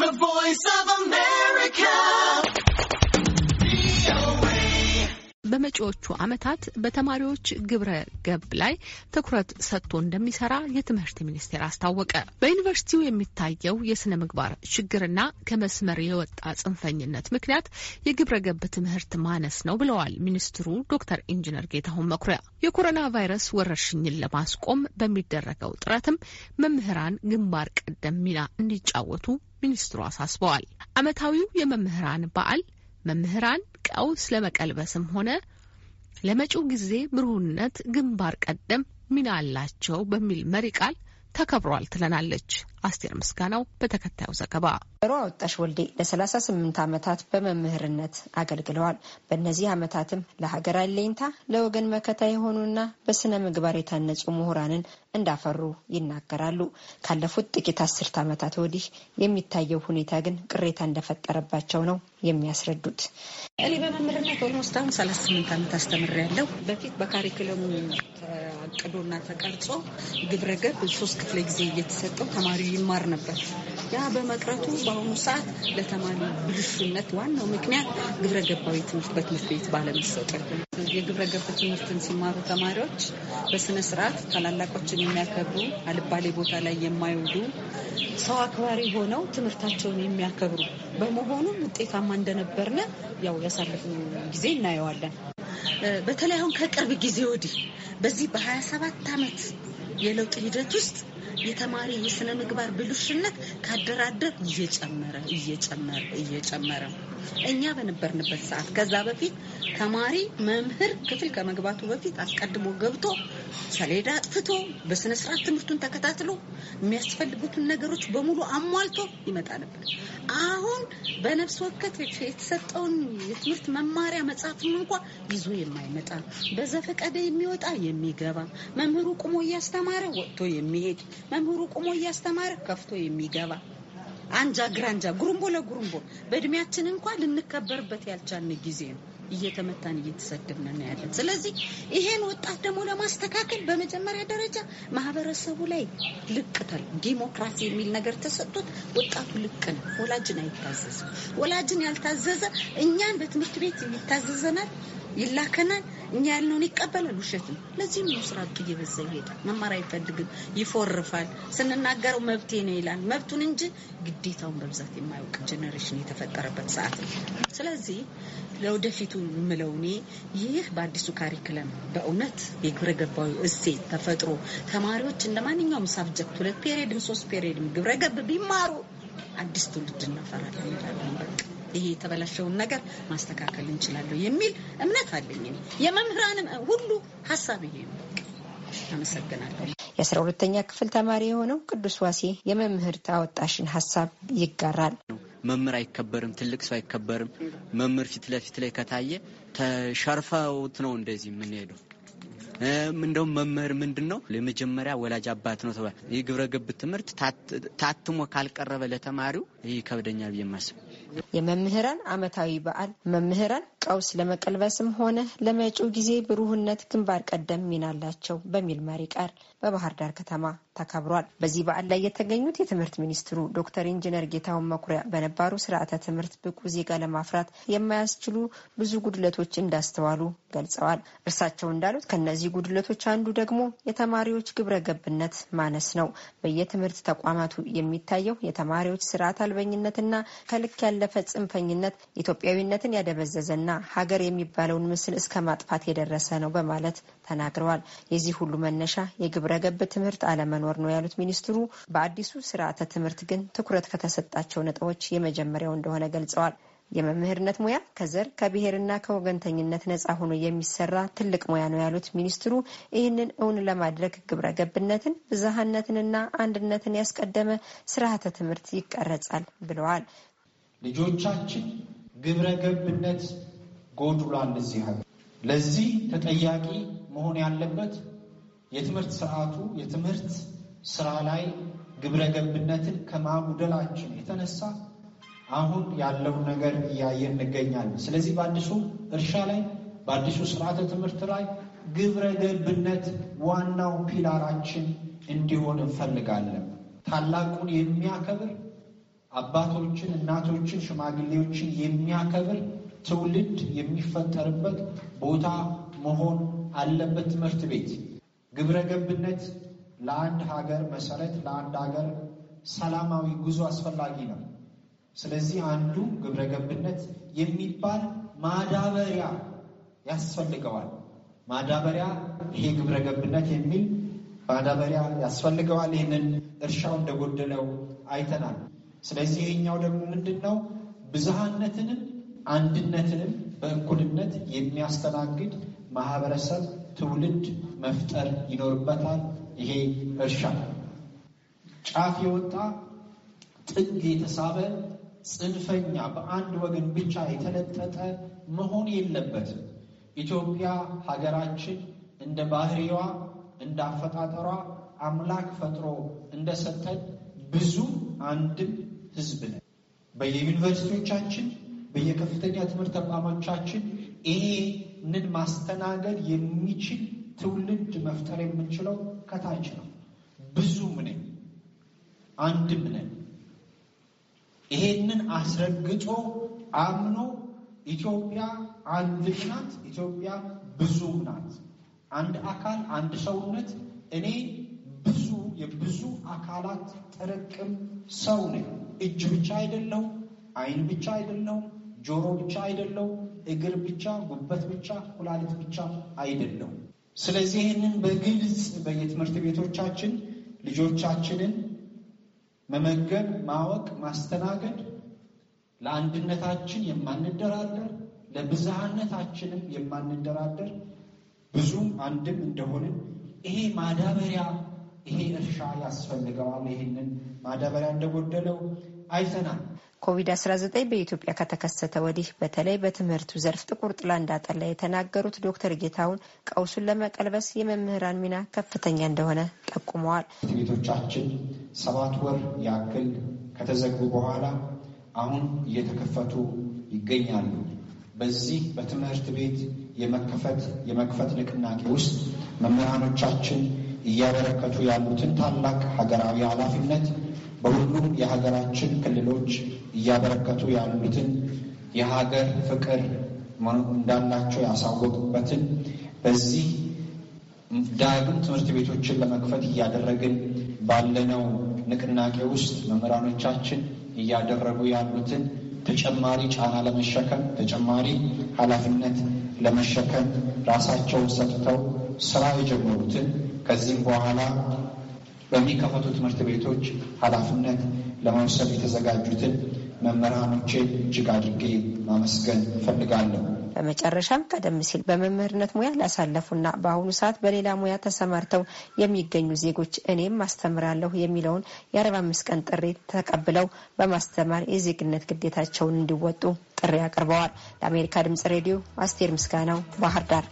The Voice of America. በመጪዎቹ ዓመታት በተማሪዎች ግብረ ገብ ላይ ትኩረት ሰጥቶ እንደሚሰራ የትምህርት ሚኒስቴር አስታወቀ። በዩኒቨርሲቲው የሚታየው የስነ ምግባር ችግርና ከመስመር የወጣ ጽንፈኝነት ምክንያት የግብረ ገብ ትምህርት ማነስ ነው ብለዋል ሚኒስትሩ ዶክተር ኢንጂነር ጌታሁን መኩሪያ። የኮሮና ቫይረስ ወረርሽኝን ለማስቆም በሚደረገው ጥረትም መምህራን ግንባር ቀደም ሚና እንዲጫወቱ ሚኒስትሩ አሳስበዋል። ዓመታዊው የመምህራን በዓል መምህራን ቀውስ ለመቀልበስም ሆነ ለመጪው ጊዜ ብሩህነት ግንባር ቀደም ሚና አላቸው በሚል መሪ ቃል ተከብሯል ትለናለች አስቴር ምስጋናው በተከታዩ ዘገባ። ሮ አወጣሽ ወልዴ ለ38 ዓመታት በመምህርነት አገልግለዋል። በእነዚህ ዓመታትም ለሀገር አለኝታ ለወገን መከታ የሆኑና በስነ ምግባር የታነጹ ምሁራንን እንዳፈሩ ይናገራሉ። ካለፉት ጥቂት አስርት ዓመታት ወዲህ የሚታየው ሁኔታ ግን ቅሬታ እንደፈጠረባቸው ነው የሚያስረዱት። እኔ በመምህርነት ኦልሞስት አሁን 38 ዓመት አስተምሬያለሁ። በፊት በካሪክለሙ አቅዶና ተቀርጾ ግብረገብ ሶስት ክፍለ ጊዜ እየተሰጠው ተማሪው ይማር ነበር። ያ በመቅረቱ በአሁኑ ሰዓት ለተማሪ ብልሹነት ዋናው ምክንያት ግብረገባዊ ትምህርት በትምህርት ቤት ባለመሰጠቱ። የግብረገብ ትምህርትን ሲማሩ ተማሪዎች በስነ ስርዓት ታላላቆችን የሚያከብሩ፣ አልባሌ ቦታ ላይ የማይውሉ፣ ሰው አክባሪ ሆነው ትምህርታቸውን የሚያከብሩ በመሆኑም ውጤታማ እንደነበርነ ያው ያሳለፍነው ጊዜ እናየዋለን። በተለይ አሁን ከቅርብ ጊዜ ወዲህ በዚህ በ27 ዓመት የለውጥ ሂደት ውስጥ የተማሪ የስነ ምግባር ብልሽነት ካደራደር እየጨመረ እየጨመረ እየጨመረ እኛ በነበርንበት ሰዓት ከዛ በፊት ተማሪ መምህር ክፍል ከመግባቱ በፊት አስቀድሞ ገብቶ ሰሌዳ አጥፍቶ በስነ ስርዓት ትምህርቱን ተከታትሎ የሚያስፈልጉትን ነገሮች በሙሉ አሟልቶ ይመጣ ነበር። አሁን በነፍስ ወከፍ የተሰጠውን የትምህርት መማሪያ መጽሐፍም እንኳ ይዞ የማይመጣ በዘፈቀደ የሚወጣ የሚገባ፣ መምህሩ ቁሞ እያስተማረ ወጥቶ የሚሄድ፣ መምህሩ ቁሞ እያስተማረ ከፍቶ የሚገባ አንጃ ግራንጃ ጉርምቦ ለጉርምቦ በእድሜያችን እንኳ ልንከበርበት ያልቻልን ጊዜ ነው። እየተመታን እየተሰደብን ነው ያለን። ስለዚህ ይሄን ወጣት ደግሞ ለማስተካከል በመጀመሪያ ደረጃ ማህበረሰቡ ላይ ልቅተል ዲሞክራሲ የሚል ነገር ተሰጥቶት ወጣቱ ልቅ ነው። ወላጅን አይታዘዝም። ወላጅን ያልታዘዘ እኛን በትምህርት ቤት የሚታዘዘናል ይላከናል። እኛ ያልነውን ይቀበላል። ውሸት ነው። ለዚህም ነው ስራ አጡ እየበዛ ይሄዳል። መማር አይፈልግም፣ ይፎርፋል። ስንናገረው መብቴ ነው ይላል። መብቱን እንጂ ግዴታውን በብዛት የማያውቅ ጀኔሬሽን የተፈጠረበት ሰዓት ነው። ስለዚህ ለወደፊቱ የምለው እኔ ይህ በአዲሱ ካሪክለም በእውነት የግብረ ገባዊ እሴት ተፈጥሮ ተማሪዎች እንደ ማንኛውም ሳብጀክት ሁለት ፔሪድም ሶስት ፔሪድም ግብረ ገብ ቢማሩ አዲስ ትውልድ እናፈራለን። በቃ ይሄ የተበላሸውን ነገር ማስተካከል እንችላለሁ የሚል እምነት አለኝ። የመምህራንም ሁሉ ሀሳብ ይሄ ነው። አመሰግናለሁ። የአስራ ሁለተኛ ክፍል ተማሪ የሆነው ቅዱስ ዋሴ የመምህር አወጣሽን ሀሳብ ይጋራል። መምህር አይከበርም፣ ትልቅ ሰው አይከበርም። መምህር ፊት ለፊት ላይ ከታየ ተሸርፈውት ነው እንደዚህ የምንሄደው እንደውም መምህር ምንድን ነው የመጀመሪያ ወላጅ አባት ነው ተባለ። ይህ ግብረ ገብ ትምህርት ታትሞ ካልቀረበ ለተማሪው ከብደኛ ብዬ ማስብ። የመምህራን አመታዊ በዓል መምህራን ቀውስ ለመቀልበስም ሆነ ለመጪው ጊዜ ብሩህነት ግንባር ቀደም ሚናላቸው በሚል መሪ ቃል በባህር ዳር ከተማ ተከብሯል። በዚህ በዓል ላይ የተገኙት የትምህርት ሚኒስትሩ ዶክተር ኢንጂነር ጌታሁን መኩሪያ በነባሩ ስርዓተ ትምህርት ብቁ ዜጋ ለማፍራት የማያስችሉ ብዙ ጉድለቶች እንዳስተዋሉ ገልጸዋል። እርሳቸው እንዳሉት ከእነዚህ ጉድለቶች አንዱ ደግሞ የተማሪዎች ግብረ ገብነት ማነስ ነው። በየትምህርት ተቋማቱ የሚታየው የተማሪዎች ስርዓት አልበኝነትና ከልክ ያለፈ ጽንፈኝነት ኢትዮጵያዊነትን ያደበዘዘና ሀገር የሚባለውን ምስል እስከ ማጥፋት የደረሰ ነው በማለት ተናግረዋል። የዚህ ሁሉ መነሻ የግብረ ገብ ትምህርት አለመ ማኖር ነው ያሉት ሚኒስትሩ፣ በአዲሱ ስርዓተ ትምህርት ግን ትኩረት ከተሰጣቸው ነጥቦች የመጀመሪያው እንደሆነ ገልጸዋል። የመምህርነት ሙያ ከዘር ከብሔርና ከወገንተኝነት ነፃ ሆኖ የሚሰራ ትልቅ ሙያ ነው ያሉት ሚኒስትሩ ይህንን እውን ለማድረግ ግብረ ገብነትን ብዝሃነትንና አንድነትን ያስቀደመ ስርዓተ ትምህርት ይቀረጻል ብለዋል። ልጆቻችን ግብረ ገብነት ጎድሏል እዚህ ሀገር። ለዚህ ተጠያቂ መሆን ያለበት የትምህርት ስርዓቱ የትምህርት ስራ ላይ ግብረ ገብነትን ከማጉደላችን የተነሳ አሁን ያለውን ነገር እያየን እንገኛለን። ስለዚህ በአዲሱ እርሻ ላይ በአዲሱ ስርዓተ ትምህርት ላይ ግብረ ገብነት ዋናው ፒላራችን እንዲሆን እንፈልጋለን። ታላቁን የሚያከብር አባቶችን፣ እናቶችን፣ ሽማግሌዎችን የሚያከብር ትውልድ የሚፈጠርበት ቦታ መሆን አለበት ትምህርት ቤት። ግብረ ገብነት ለአንድ ሀገር መሰረት፣ ለአንድ ሀገር ሰላማዊ ጉዞ አስፈላጊ ነው። ስለዚህ አንዱ ግብረ ገብነት የሚባል ማዳበሪያ ያስፈልገዋል። ማዳበሪያ ይሄ ግብረ ገብነት የሚል ማዳበሪያ ያስፈልገዋል። ይህንን እርሻው እንደጎደለው አይተናል። ስለዚህ ይሄኛው ደግሞ ምንድን ነው? ብዝሃነትንም አንድነትንም በእኩልነት የሚያስተናግድ ማህበረሰብ ትውልድ መፍጠር ይኖርበታል። ይሄ እርሻ ጫፍ የወጣ ጥግ የተሳበ ጽንፈኛ፣ በአንድ ወገን ብቻ የተለጠጠ መሆን የለበትም። ኢትዮጵያ ሀገራችን እንደ ባህሪዋ እንደ አፈጣጠሯ አምላክ ፈጥሮ እንደሰጠን ብዙ አንድም ህዝብ ነን። በየዩኒቨርሲቲዎቻችን በየከፍተኛ ትምህርት ተቋሞቻችን ይሄንን ማስተናገድ የሚችል ትውልድ መፍጠር የምንችለው ከታች ነው። ብዙም ነን፣ አንድም ነን። ይሄንን አስረግጦ አምኖ ኢትዮጵያ አንድም ናት፣ ኢትዮጵያ ብዙም ናት፣ አንድ አካል፣ አንድ ሰውነት፣ እኔ ብዙ የብዙ አካላት ጥርቅም ሰው ነኝ። እጅ ብቻ አይደለው፣ አይን ብቻ አይደለው ጆሮ ብቻ አይደለው እግር ብቻ፣ ጉበት ብቻ፣ ኩላሊት ብቻ አይደለሁም። ስለዚህ ይህንን በግልጽ በየትምህርት ቤቶቻችን ልጆቻችንን መመገብ፣ ማወቅ፣ ማስተናገድ ለአንድነታችን የማንደራደር ለብዝሃነታችንም የማንደራደር ብዙም አንድም እንደሆንን ይሄ ማዳበሪያ ይሄ እርሻ ያስፈልገዋል። ይህንን ማዳበሪያ እንደጎደለው አይተናል። ኮቪድ-19 በኢትዮጵያ ከተከሰተ ወዲህ በተለይ በትምህርቱ ዘርፍ ጥቁር ጥላ እንዳጠላ የተናገሩት ዶክተር ጌታውን ቀውሱን ለመቀልበስ የመምህራን ሚና ከፍተኛ እንደሆነ ጠቁመዋል። ቤቶቻችን ሰባት ወር ያክል ከተዘጉ በኋላ አሁን እየተከፈቱ ይገኛሉ። በዚህ በትምህርት ቤት የመከፈት የመክፈት ንቅናቄ ውስጥ መምህራኖቻችን እያበረከቱ ያሉትን ታላቅ ሀገራዊ ኃላፊነት በሁሉም የሀገራችን ክልሎች እያበረከቱ ያሉትን የሀገር ፍቅር እንዳላቸው ያሳወቁበትን በዚህ ዳግም ትምህርት ቤቶችን ለመክፈት እያደረግን ባለነው ንቅናቄ ውስጥ መምህራኖቻችን እያደረጉ ያሉትን ተጨማሪ ጫና ለመሸከም ተጨማሪ ኃላፊነት ለመሸከም ራሳቸውን ሰጥተው ስራ የጀመሩትን ከዚህም በኋላ በሚከፈቱ ትምህርት ቤቶች ኃላፊነት ለመውሰድ የተዘጋጁትን መምህራኖቼ እጅግ አድርጌ ማመስገን እፈልጋለሁ። በመጨረሻም ቀደም ሲል በመምህርነት ሙያ ላሳለፉና በአሁኑ ሰዓት በሌላ ሙያ ተሰማርተው የሚገኙ ዜጎች እኔም አስተምራለሁ የሚለውን የአርባ አምስት ቀን ጥሪ ተቀብለው በማስተማር የዜግነት ግዴታቸውን እንዲወጡ ጥሪ አቅርበዋል። ለአሜሪካ ድምጽ ሬዲዮ አስቴር ምስጋናው ባህር ዳር